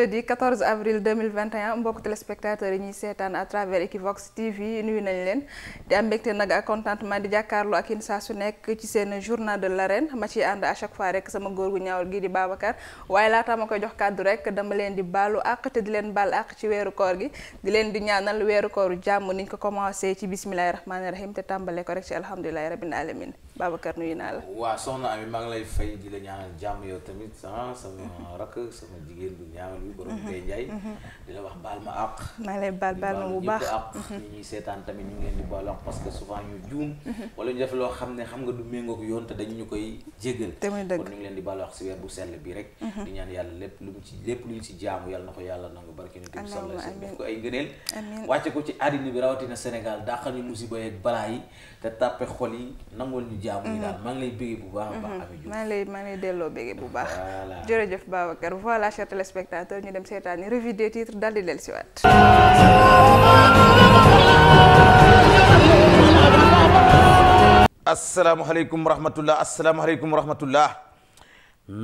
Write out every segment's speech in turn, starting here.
mercredi 14 avril 2021 mbokk téléspectateurs yi ñuy seetaan à travers Equivox TV nuyu nañ leen di am mbégte nag ak contentement di jàkkaarloo ak in saa su nekk ci seen journal de l'arène ma ciy ànd à chaque fois rek sama góor gu ñaawal gi di Babacar waaye laata ma koy jox kàddu rek dama leen di baalu àq te di leen baal àq ci weeru koor gi di leen di ñaanal weeru kooru jàmm niñ ko commencé ci bismillahi rahmaani rahim te tàmbale ko rek ci alhamdulilahi rabbil alamin Babacar nuyu naa la. waaw soxna Ami maa ngi lay fay di la ñaanal jàmm yow tamit ah sama rakk sama jigéen bu ñaanal bi borom Ndeye Ndiaye. Mm-hmm, mm-hmm. di la wax baal ma àq. maa ma bu baax mm-hmm. ñu ñuy seetaan tamit ñu ngi leen di baal parce que souvent ñu juum. wala ñu def loo xam ne xam nga du méngoog yoon te dañu ñu koy jégal. te muy dëgg kon ñu ngi leen di baal si weer bu sell bi rek. di ñaan yàlla lépp lu mu ci lépp lu ñu si jaamu yàlla na ko yàlla nangu barke ñu dem sàlla def ko ay ngëneel. wàcce ko ci àddina bi rawatina Sénégal dàqal ñu musiba yeeg balaa yi te tàppe xol yi nangul ñu jaamu yi daal mm-hmm. maa ngi lay bëggee bu baax a mm-hmm. maa ngi lay delloo bëggee bu baax. voilà jërëjëf Babacar voilà chers téléspectateurs ñu dem seetaani revue des titres daal di dellusiwaat. asalaamaaleykum wa rahmatulah asalaamaaleykum wa rahmatulah.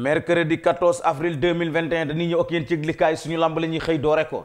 mercredi 14 avril 2021 dañuy ñëw ak yéen ci yëglikaay suñu lamb lañuy ñuy xëy doore ko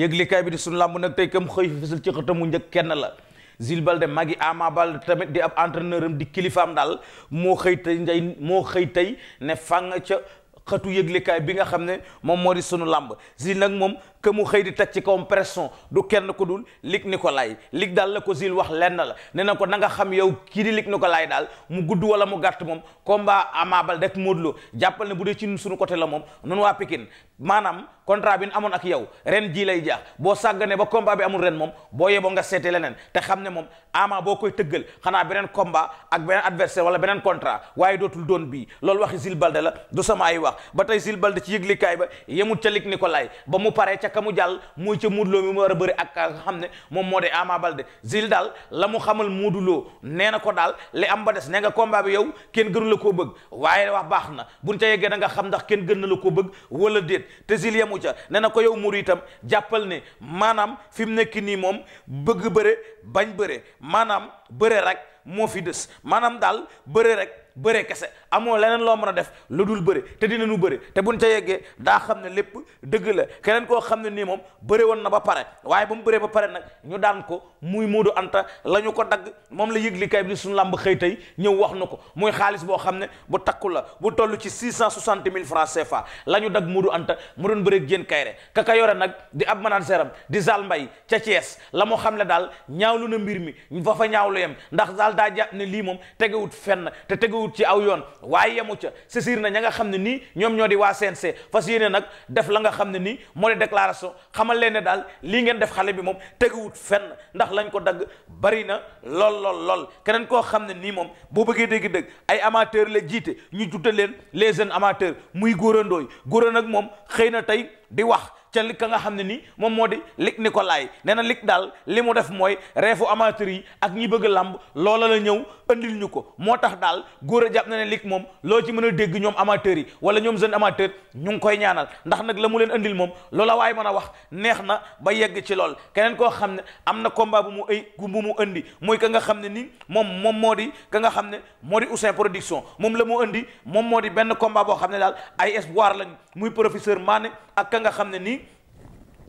yëglikaay bi di suñu lamb nag tey kam xëy fi fësal ci xëtamu njëkk kenn la Zil Balde magi Ama Balde tamit di ab entraîneur am di kilifaam daal moo xëy tey njay moo xëy tey ne fang ca xatu yëglekaay bi nga xam ne moom moo di sunu làmb Zil nag moom que mu xëy di teg ci kawam pression du kenn ko dul ni ko Nicolaï Luc daal la ko Zil wax lenn la ne na ko na nga xam yow kii di ko Nicolaï daal mu gudd wala mu gàtt moom combat Ama Balde rek Modou Lo jàppal ne bu dee ci sunu côté la moom noonu waa Pikine maanaam contrat bi nu amoon ak yow ren jii lay jeex boo sàgganee ba combat bi amul ren moom boo yeboo nga seetee leneen te xam ne moom ama boo koy tëggal xanaa beneen combat ak beneen adversaire wala beneen contrat waaye dootul doon bii loolu waxi Zil Balde la du sama ay wax ba tey Zil Balde ci yëglikaay ba yemut ca lig Nicolay ba mu paree ca ka mu jàll muy ca mu war a bëri ak nga xam ne moom moo de Ama Balde daal la mu xamal Modou nee na ko daal li am ba des nee nga combat bi yow kenn gënu la koo bëgg waaye wax baax na bu buñ ca yeggee da nga xam ndax kenn gën na la koo bëgg wala déet te Zil yemut yamu ca ne na ko yow muru itam jàppal ne maanaam fi mu nekk nii moom bëgg bëre bañ bëre maanaam bëre rek moo fi des maanaam daal bëre rek bëre kese amoo leneen loo mën a def lu dul bëre te dinañu bëre te buñ ca yeggee daa xam ne lépp dëgg la keneen koo xam ne nii moom bëre woon na ba pare waaye ba mu bëree ba pare nag ñu daan ko muy Modou Anta la ñu ko dagg moom la yëglikaay bi suñu làmb xëy tey ñëw wax na ko muy xaalis boo xam ne bu takku la bu toll ci six cent soixante mille francs CFA la ñu dagg Modou Anta mu doon bëre Diène Kaïré kaka yore nag di ab manaan seram di Zal mbay ca Thiès la moo xam ne daal ñaawlu na mbir mi fa fa ñaawlu yem ndax daal daa ne lii moom tegewut fenn te tegewut ci aw yoon waaye yemu ca saisir nañ ña nga xam ne nii ñoom ñoo di waa CNC fas yéene nag def la nga xam ne nii moo di déclaration xamal leen ne daal lii ngeen def xale bi moom teguwut fenn ndax lañ ko dagg bari na lool lool lool keneen koo xam ne nii moom boo bëggee dégg-dégg ay amateur la jiite ñu jutte leen les jeunes amateurs muy góorandooy góora nag moom xëy na tey di wax ca li ka nga xam ne nii moom moo di lig Nicolas nee na lig daal li mu def mooy reefu amateur yi ak ñi bëgg làmb loola la ñëw andil ñu ko moo tax daal góor a jàpp na ne lig moom loo ci mën a dégg ñoom amateurs yi wala ñoom jeune amateur ñu ngi koy ñaanal ndax nag la mu leen andil moom loola waaye mën a wax neex na ba yegg ci lool keneen koo xam ne am na combat bu mu ay bu mu andi mooy ka nga xam ne nii moom moom moo di ka nga xam ne moo di aussin production moom la mu andi moom moo di benn combat boo xam ne daal ay espoir lañ muy professeur Mané ak ka nga xam ne nii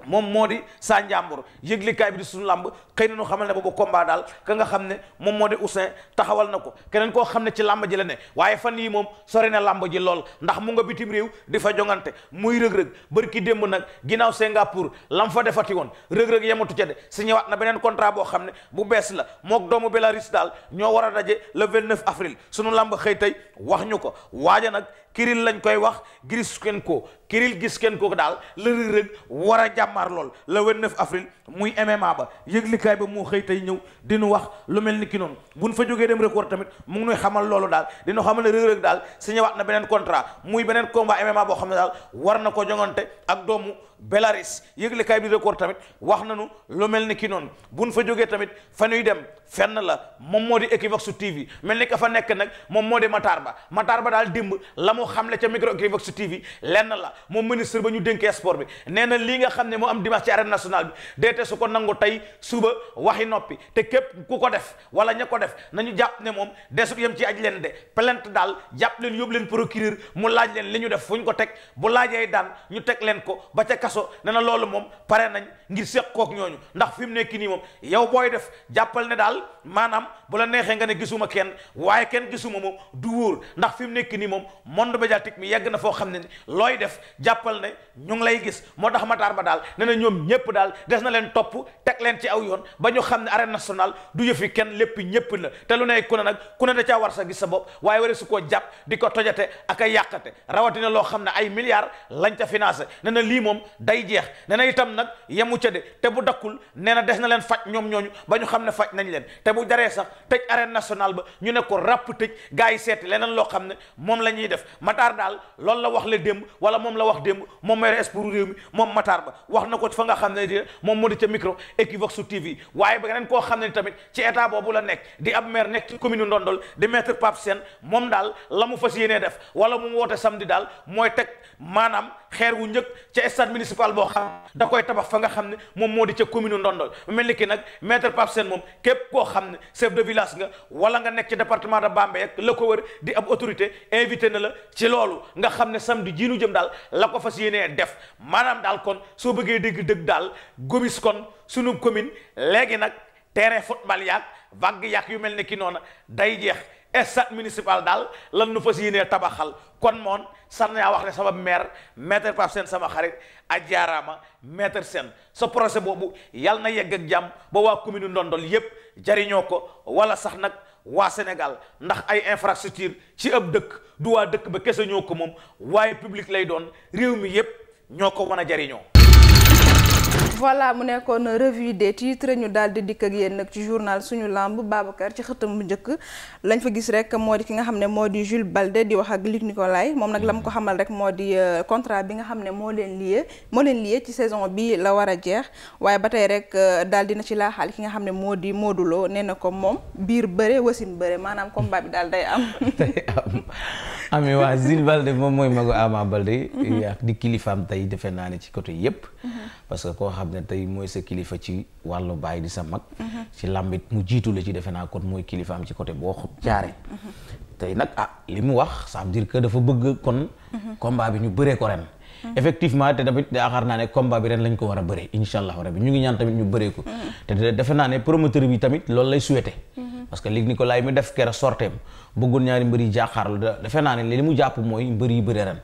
moom moo di saa njàmbur yëglikaay bi di suñu làmb xëy na ñu xamal ne boobu combat daal ka nga xam ne moom moo di Ousseyn taxawal na ko keneen koo xam ne ci làmb ji la ne waaye fan yii moom sori na làmb ji lool ndax mu nga bitim réew di fa jongante muy rëg-rëg bër ki démb nag ginnaaw Singapour lam fa defati woon rëg-rëg yematu ca de si ñëwaat na beneen contrat boo xam ne bu bees la moo doomu Belarus daal ñoo war a daje le 29 avril sunu làmb xëy tey wax ñu ko waaja nag Kiril lañ koy wax gis kenn ko Kiril gis kenn ko daal la rëg-rëg war a jàmm jàmmaar lool le 29 avril muy MMA ba yëglikaay ba moo xëy tey ñëw dinu wax lu mel ni ki noonu buñ fa jógee dem record tamit mu ngi nuy xamal loolu daal dina xamal ne Reug Reug daal signé waat na beneen contrat muy beneen combat MMA boo xam ne daal war na ko jongante ak doomu Belarus yëglekaay bi record tamit wax nañu lu mel ni ki noonu buñ fa jógee tamit fa nuy dem fenn la moom moo di Equivox TV mel ni ka fa nekk nag moom moo di Matar Ba Matar Ba daal démb la mu xamle ca micro Equivox TV lenn la moom ministre ba ñu dénkee sport bi nee na lii nga xam ne moo am dimanche ci arène nationale bi deete su ko nangu tey suba waxi noppi te képp ku ko def wala ña ko def nañu jàpp ne moom desut yem ci aj leen de plainte daal jàp leen yóbbu leen procureur mu laaj leen li ñu def fu ko teg bu laajee daan ñu teg leen ko kaso ne loolu moom pare nañ ngir seq kook ñooñu ndax fi mu nekk nii moom yow booy def jàppal ne daal maanaam bu la neexee nga ne gisuma kenn waaye kenn gisuma moom du wóor ndax fi mu nekk nii moom monde médiatique mi yegg na foo xam ne looy def jàppal ne ñu ngi lay gis moo tax Matar ba daal ne na ñoom ñépp daal des na leen topp teg leen ci aw yoon ba ñu xam ne arène nationale du yëfi kenn lépp ñépp la te lu ne ku ne nag ku ne da caa war sa gis sa bopp waaye wari su koo jàpp di ko tojate ak a yàqate rawatina loo xam ne ay milliards lañ ca financé ne lii moom day jeex nee itam nag yemu ca de te bu dakkul nee na des na leen faj ñoom ñooñu ba ñu xam ne faj nañ leen te bu jaree sax tëj arène national ba ñu ne ko ràpp tëj gars yi seeti leneen loo xam ne moom la ñuy def Matar daal loolu la wax le démb wala moom la wax démb moom mooy espoir réew mi moom Matar ba wax na ko fa nga xam ne moom moo di ca micro Equivox TV waaye ba ngeen koo xam ne tamit ci état boobu la nekk di ab maire nekk ci commune Ndondol di maître Pape Sène moom daal la mu fas yéenee def wala mu woote samedi daal mooy teg maanaam xeer wu njëkk ca stade municipal boo xam da koy tabax fa nga xam ne moom moo di ca commune Ndondol mel ni ki nag maitre Pape Sène moom képp koo xam ne chef de village nga wala nga nekk ci département de Bambey ak la ko wër di ab autorité invité na la ci loolu nga xam ne samedi jii nu jëm daal la ko fas yéenee def maanaam daal kon soo bëggee dégg dëgg daal gobis kon sunu commune léegi nag terrain football yaag vague yaag yu mel ne ki noona day jeex stade municipal daal lan nu fas yéenee tabaxal kon moon sax naa wax ne sama maire maître Pape Sène sama xarit a jaaraama maître Sène sa projet boobu yàlla na yegg ak jàmm ba waa commune Ndondol yépp jariñoo ko wala sax nag waa Sénégal ndax ay infrastructure ci ab dëkk du waa dëkk ba kese ñoo ko moom waaye public lay doon réew mi yépp ñoo ko mën a jariñoo voilà mu nekkoon revue des titres ñu daal di dikk ak yéen nag ci journal suñu lamb Babacar ci xëtam bu njëkk lañ fa gis rek moo di ki nga xam ne moo di Jules Balde di wax ak Luc Nicolaï moom nag la mu ko xamal rek moo di euh, contrat bi nga xam ne moo leen lié moo leen lié ci saison bi la war a jeex waaye ba tey rek euh, daal na ci laaxaal ki nga xam ne moo di Modou Lo nee na ko moom biir bëre wasin bëre maanaam combat bi daal day am. day am amee waa Jules moom mooy magu Ama Balde. Mhm. di kilifaam tey defe naa ne ci côté yépp mhm. parce xam tey mooy sa kilifa ci wàllu baay di sa mag mhm. ci làmbit mu jiitu la ci defe naa kon mooy kilifa am ci côté boo jaare mhm. tey nag a ah, li mu wax ça veut dire que dafa bëgg kon mhm. combat bi ñu bëree ko ren effectivement te tamit yaakaar naa ne combat bi ren lañ ko war a bëree insha allahu rabbi ñu ngi ñaan tamit ñu bëree ko te defe naa ne promoteur bi tamit loolu lay souhaité parce que léegi Nicolas mi def kera sorteem bëggoon ñaari mbër yi jàkkaarloo defe naa ne li mu jàpp mooy mbër yi bëree ren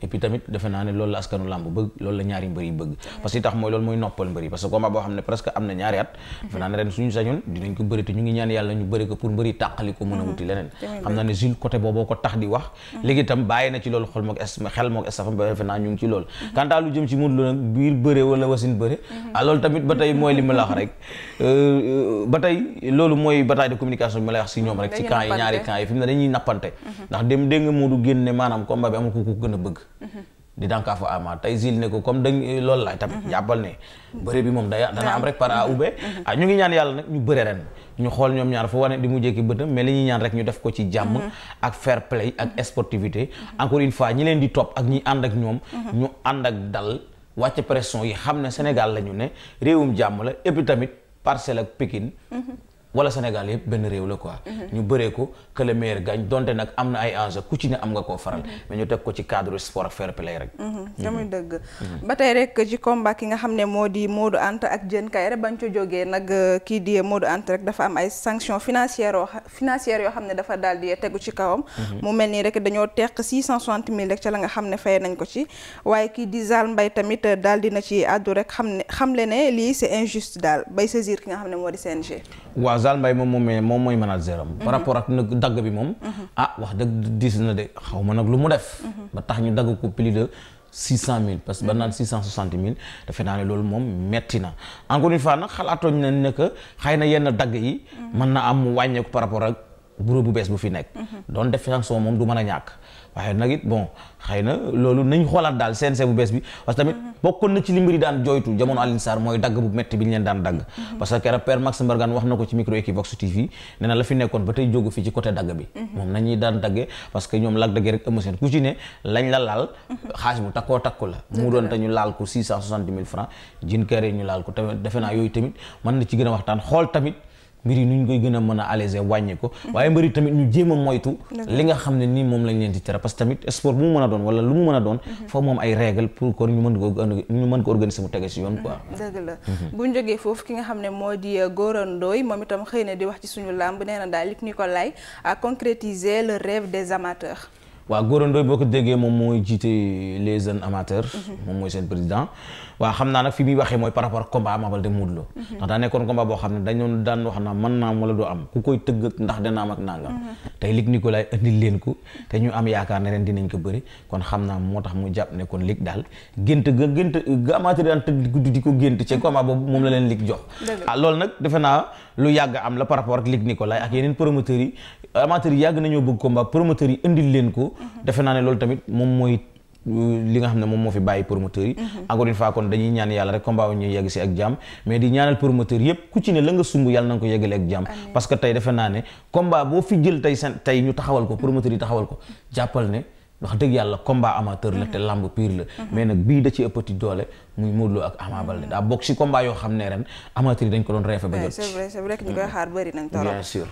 et puis tamit defe naa ne loolu la askanu làmb bëgg loolu la ñaari mbër bëgg parce que tax mooy loolu mooy noppal mbër parce que combat boo xam ne presque am na ñaari mm-hmm. mm-hmm. ci loolu xol ba defe naa jëm ci Modou Lo nag biir bëre wala wasin bëre mm-hmm. ah loolu tamit ba tey mooy li ma rek euh, euh, ba tey loolu mooy bataille de communication bi ma lay wax si ñoom rek ci camp ñaari camp yi ne dañuy nappante ndax dem dégg nga Modou génn ne maanaam combat bi amul ku ko gën a bëgg di dànkaafu ama tey zil ne ko comme dañ eh, loolu laay tamit mhm. jàppal ne bëre bi moom day dana am rek par A ou mhm. Mhm. Ah, ñu ngi ñaan yàlla nag ñu bëre ren ñu xool ñoom ñaar fu wane di mu jékki bëtam mais li ñuy ñaan rek ñu def ko ci jàmm ak fair play ak sportivité encore une fois ñi leen di topp ak ñi ànd ak ñoom ñu ànd ak dal wàcce pression yi xam ne Sénégal la ñu ne réewum jàmm la et tamit parcelle ak Pikine wala Sénégal yëpp benn réew la quoi. Mhm. ñu bëree ko que le donte nag am na ay enjeux ku ci ne am nga ko faral. Mhm. mais ñu teg ko ci cadre sport fair play rek. damay mhm. dëgg. ba tey rek ci combat ki nga xam ne moo di Modou Anta ak Diène Kaïré bañ ci jógee nag euh, kii di Modou Anta dafa am ay sanctions financières financières yoo xam ne dafa daal di tegu ci kawam. mu mel nii rek dañoo teq 660 000 rek ca la nga xam ne fay nañ ko ci waaye ki di Zal Mbaye tamit euh, daal dina ci àddu rek xam ne xam le ne lii c'est injuste daal bay saisir ki nga xam ne moo di CNG. waaw Zal Mbaye moom moom moom mooy manager am par rapport ak nag dagg bi moom ah wax dëgg diis na de xaw ma nag lu mu def ba tax ñu dagg ko plus de six cent mille parce que ba naan six cent soixante mille defe naa ne loolu moom metti na encore une fois nag xalaatooñ na ne que xëy na yenn dagg yi mën na am mu wàññeeku par rapport ak bureau bu bees bu fi nekk mhm. doon def sanction moom du mën a ñàkk waaye nag it bon xëy loolu nañ xoolaat daal CNG bu bees bi parce que tamit bokkoon na ci li mbiri daan jooytu jamono Alioune Sarr mooy dagg bu metti bi ñu leen daan dagg parce que mhm. ñoom lag daggee rek ëmb ku ci ne lañ la laal mhm. xaalis bu takkoo takku la mu doon ñu laal ko six francs jin ñu laal ko tamit defe naa yooyu tamit mën na ci gën a waxtaan xool tamit mbir yi nu ñu koy gën a mën a alléger wàññi ko waaye mbir yi tamit ñu jéem moytu li nga xam ne nii moom lañ leen di tere parce que tamit sport bu mu mën a doon wala lu mu mën a doon mhm. foofu moom ay règle pour que ñu mën ko ñu mën ko organiser mu tege si yoon quoi mhm. dëgg la mhm. bu jógee foofu ki nga xam ne moo di euh, Gora Ndoye moom itam xëy na di wax ci suñu làmb nee na daal Luc Nicolaï a concrétisé le rêve des amateurs waa Gora boo ko déggee moom mooy jiite les jeunes amateurs moom mooy seen président waa xam naa nag fi muy waxee mooy par rapport combat Ama Baldé Modou Lô mhm. ndax daa nekkoon combat boo xam ne dañoon daan wax naa man naa wala du am ku koy tëgg ndax dana am ak nangam mhm. tey Luc Nicolaï indil leen ko te ñu am yaakaar ne ren dinañ ko bëri kon xam naa moo tax mu jàpp ne kon daal gént ga gént ga amateur daan tëdd di ko gént ci combat boobu moom la leen Luc jox ah loolu nag defe naa lu yàgg am la par rapport ak Luc Nicolaï ak yeneen promoteurs yi amateurs yi yàgg nañoo bëgg combat promoteurs yi indil leen ko mhm. defe naa ne loolu tamit moom mooy li nga xam ne moom moo fi bàyyi promoteurs yi mhm. encore une fois kon dañuy ñaan yàlla rek combat ñu yegg si ak mais di ñaanal promoteur yépp ku ci ne la nga sumb yàlla na nga ko yeggale ak jàmm parce que tey defe naa ne combat boo fi jël tey seen tey ñu taxawal ko promoteurs yi taxawal ko jàppal ne ndax dëgg yàlla combat amateur la te mhm. lamb pire la. Mhm. mais nag bii da ci ëppati doole muy Modou Lo ak Ama Baldé mhm. daa bokk si combat yoo xam ne ren amateur yi dañ ko doon reefe ba jot. c'est vrai c'est vrai que ñu koy xaar bëri nañ torop bien sûr.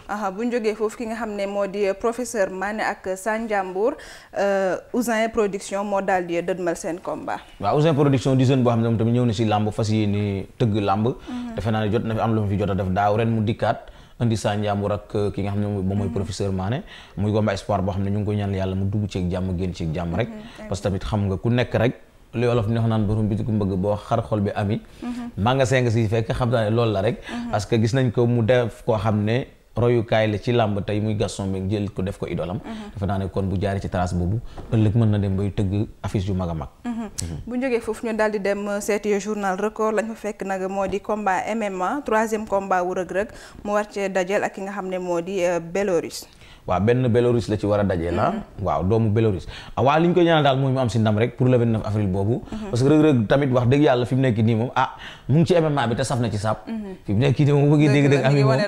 foofu ki nga xam ne moo di professeur Mané ak Sanjambour euh, Ousin production moo daal di dëdmal seen combat. waaw Ousin production di jeune boo xam ne moom tamit ñëw na si lamb fas yéene tëgg lamb. defe naa ne jot na fi am lu mu jot def daaw ren mu dikkaat. indi saa njàmbur ak euh, ki nga xam ne moom mooy mm-hmm. professeur Mané muy combat espoir boo xam ne ñu ngi ko ñaan yàlla mu dugg ci ak jàmm génn ci ak jàmm rek mm-hmm. parce tamit xam nga ku nekk rek li olof neex naan borom bi ku mbëgg boo xar xol bi ami mm-hmm. maa nga si fekk xam ne loolu la rek parce gis nañ ko mu def koo xam ne royukaay la ci làmb tey muy Gaston Mbengue jël ko def ko idolam mhm. dafa naa ne kon bu jaaree ci trace boobu ëllëg mën na dem bay tëgg affiche yu mag a mag mhm. Mhm. bu ñu jógee foofu ñu daal di dem seeti journal record lañ fa fekk nag moo di combat MMA troisième combat wu Reug Reug mu war cee dajal ak ki nga xam ne moo di euh, Belarus waaw benn Belarus la ci war a dajee mhm. la waaw doomu Belarus ah, waaw li koy ñaanal daal mooy mu am si ndam rek pour le 29 avril boobu mhm. parce que rëg-rëg tamit wax dëgg yàlla fi nekk nii moom ah mu ci MMA bi te saf na ci sap mhm. fi mu nekk nii moom bu bëggee dégg dégg ami moom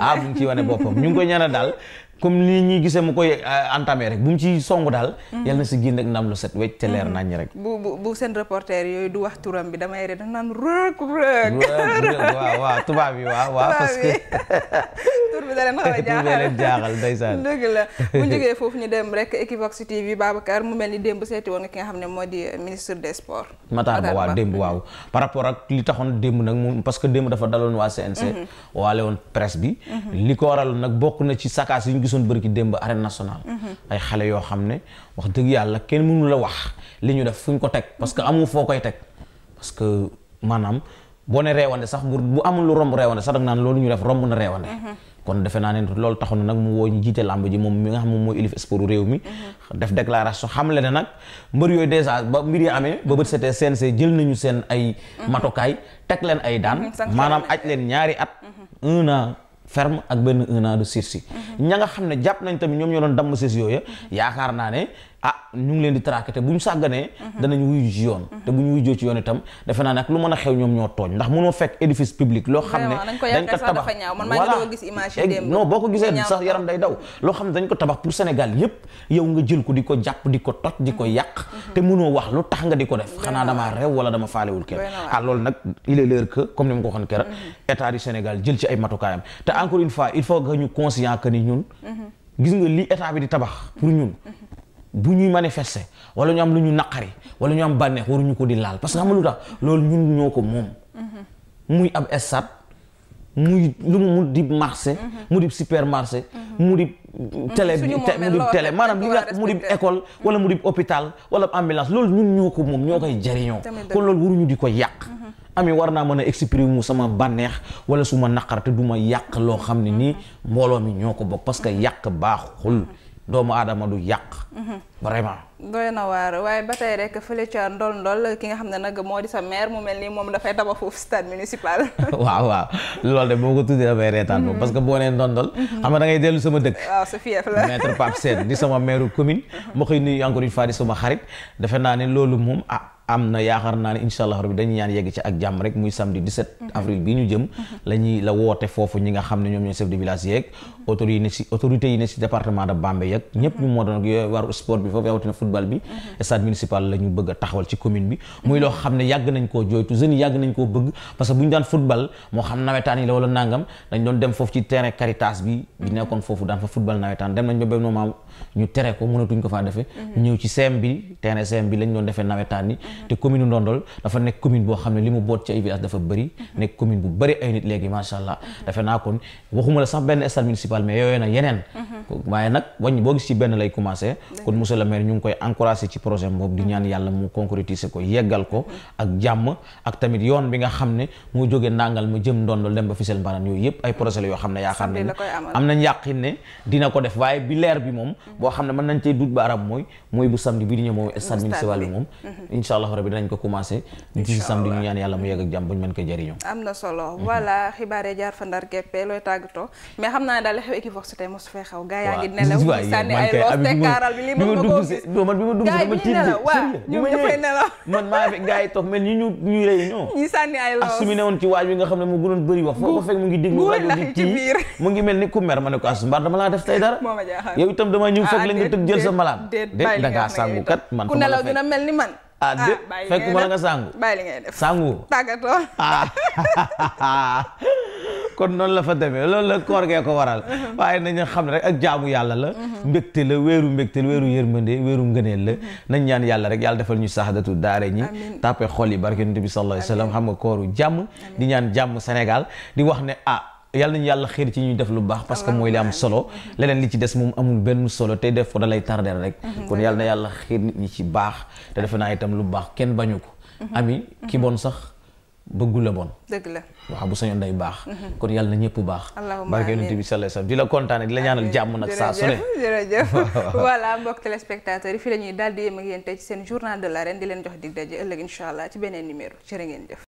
ah mu ngi wane boppam ñu koy ñaanal daal comme ni ñuy gisee mu koy euh, entamé rek bu mu ci song daal. Mhm. yal na si génn ak ndam lu set wecc te mhm. nañ rek. bu seen reporter yooyu du wax turam bi damay rek naan rëkk rëkk. waaw tubaab yi waaw que. tur a jaaxal tur da leen jaaxal ndeysaan. dëgg la bu ñu jógee foofu ñu dem rek Equivox TV Babacar mel ni démb seeti woon nga ki nga xam ne moo di euh, ministre des sports. Matar Ba waaw démb waaw par rapport ak li taxoon démb nag moom parce que démb dafa daloon waa CNC. Mhm. waale woon presse bi. li ko waraloon nag bokk na ci saccage yi ñu gis gisoon bërki démb arène nationale mhm. ay xale yoo xam ne wax dëgg yàlla kenn mënu la wax li ñu def fu ñu ko teg parce que mhm. amul foo koy teg parce que maanaam boo ne reewande sax bu bu amul lu romb reewande sax dag naan loolu ñu def romb na reewande mhm. kon defe naa ne loolu taxoon na nag mu woo ñu jiite làmb ji moom mi nga xam moom mooy ilif sport réew mi def déclaration xamle ne nag mbër yooyu dèjà ba mbir yi amee ba bët setee CNG jël nañu seen ay matokaay teg leen ay daan maanaam ferme ak benn un an de sursis. Mhm. ña nga xam ne jàpp nañ tamit ñoom ñoo doon damm sées yooya mhm. yaakaar naa ne ah ñu ngi leen di traqué te bu ñu sàgganee mhm. danañ wuyu ci yoon mhm. te bu ñu wujjoo ci yoon itam defe naa nag lu mën a xew ñoom ñoo tooñ ndax mënoo fekk édifice public loo xam ne dañ ko tabax voilà non boo ko gisee sax yaram day daw loo xam ne dañ ko tabax pour Sénégal yépp yow nga jël ko di ko jàpp di ko toj di ko mhm. yàq te mënoo wax lu tax nga di ko def xanaa damaa rew wala dama faalewul kenn ah loolu nag il est l'heure comme ni ma ko waxoon keroog état du Sénégal jël ci ay matukaayam te encore une fois il faut que ñu conscient que ni ñun gis nga li état bi di tabax pour ñun bu ñuy manifester wala ñu am lu ñu naqari wala ñu am bànneex waruñu ko di laal parce que xam nga lu tax loolu ñun ñoo ko moom. muy ab estade muy lu mu di marché. mu di supermarché. mu di télé bi mu di télé maanaam li nga mu di école wala mu di hôpital wala ambulance loolu ñun ñoo ko moom ñoo koy jariñoo kon loolu waruñu di ko yàq. Mhm. ami war naa mën a exprimer mu sama bànneex wala suma ma naqar te du ma yàq loo xam ne nii mhm. mbooloo mi ñoo ko bokk parce que yàq baaxul. doomu aadama du yàq. Mhm. vraiment. doy na waar waaye ba tey rek fële ca ndol ndol ki nga xam ne nag moo di sa maire mu mel ni moom dafay tabax foofu stade municipal. waaw waaw lool de boo ko tuddee dafay reetaan moom mhm. parce que boo nee ndondol. Mhm. xam nga dangay dellu sama dëkk. waaw sa fief la maître Pape Sène di sama maire commune. ma koy nuyu encore une fois di sama xarit defe naa ne loolu moom ah. am na yaakaar naa ne incha allah rabbi dañuy ñaan yegg ci ak jàmm rek muy samedi 17 mhm. avril bi ñu jëm mhm. la la woote foofu ñi nga xam ne ñoom ñooy chef de village yeeg mhm. autorité yi ne si autorité yi ne si département moo doon yooyu football moo xam nawetaan yi la wala nangam dañ dem foofu ci terrain Caritas bi bi nekkoon foofu daan fa football nawetaan dem nañ ba benn moment ñu tere ko mënatuñ ko faa defee ñëw ci CM bi terrain CM bi lañ doon defee nawetaan te commune Ndondol dafa nekk commune boo xam ne li mu boot ci ay village dafa bëri nekk commune bu bëri ay nit léegi macha allah defe naa kon waxuma la sax benn stade municipal na yeneen boo gis ci commencé kon monsieur le maire ñu ngi koy encouragé ci projet boobu di ñaan yàlla mu concrétiser ko yeggal ko ak jàmm ak tamit yoon bi nga xam ne moo jógee nangal mu jëm Ndondol dem ba Fissel Mbarane yooyu yëpp ay projet la yoo xam ne yaakaar nañ am nañ yàqin ne dina ko def waaye bi leer bi moom boo xam ne mën nañ cey dut baaraam mooy mooy bu samedi bi di ñëw moom stade municipal bi moom mm-hmm. inshallah allahu rabi dinañ ko commencé. incha ci samedi ñu ñaan yàlla mu yegg ak jàmm bu ñu mën ko jëriñoo. am na solo voilà xibaar yi jaar fa ndar géppe looy tàggatoo mais xam naa daal xew Equivox su tey mosu fee xaw. gaa yaa ngi nelaw ñu sànni ay loos te kaaral bi li mën nga koo gis. non man bi ma dugg si dama tiit de waaw ñoom dafay nelaw man maa fekk gaa yi toog mel ni ñu ñu réunion. ñi sànni ay loos asu mi ne woon ci waaj bi nga xam ne mu gënoon bëri wax foo ko fekk mu ngi déglu rajo bi ci mu ngi mel ni ku mer ma ne ko asu mbaar dama laa def tey dara yow itam dama ñëw fekk ah, la nga tëg jël sa malaan déet dangaa sàngu kat man ku nelaw dina mel ni man Ah, ah dé fekk ma la nga sangu bàyyi li ngay def sangu kon noonu la fa demee loolu la koor gee ko waral na nañu xam ne rek ak jaamu yàlla la mhm. mbégte la wéeru mbégte la wéeru yërmande wéeru ngëneel la mhm. nañ ñaan yàlla rek yàlla defal ñu saxadatu daare ñi tàppe xol yi barke yonent bi sallallahu wasallam xam nga kooru jàmm di ñaan jàmm Sénégal di wax ne ah, yàlla nañu yàlla xiir ci ñuy def lu baax parce mooy li am solo mm-hmm. leneen li ci des moom amul benn solo te def ko da lay rek mm-hmm. kon yàlla yàlla xiir nit ñi ci baax te defe naa itam lu baax kenn bañu ko mm-hmm. ami ki bon sax bëggu bon dëgg la waaw bu sañoon day baax kon yàlla na ñëpp baax barke yonent bi sallallahu alayhi wasallam di la kontaane di ñaanal jàmm nag saa su ne jërëjëf voilà mbokk téléspectateurs yi fii la ñuy daal ci seen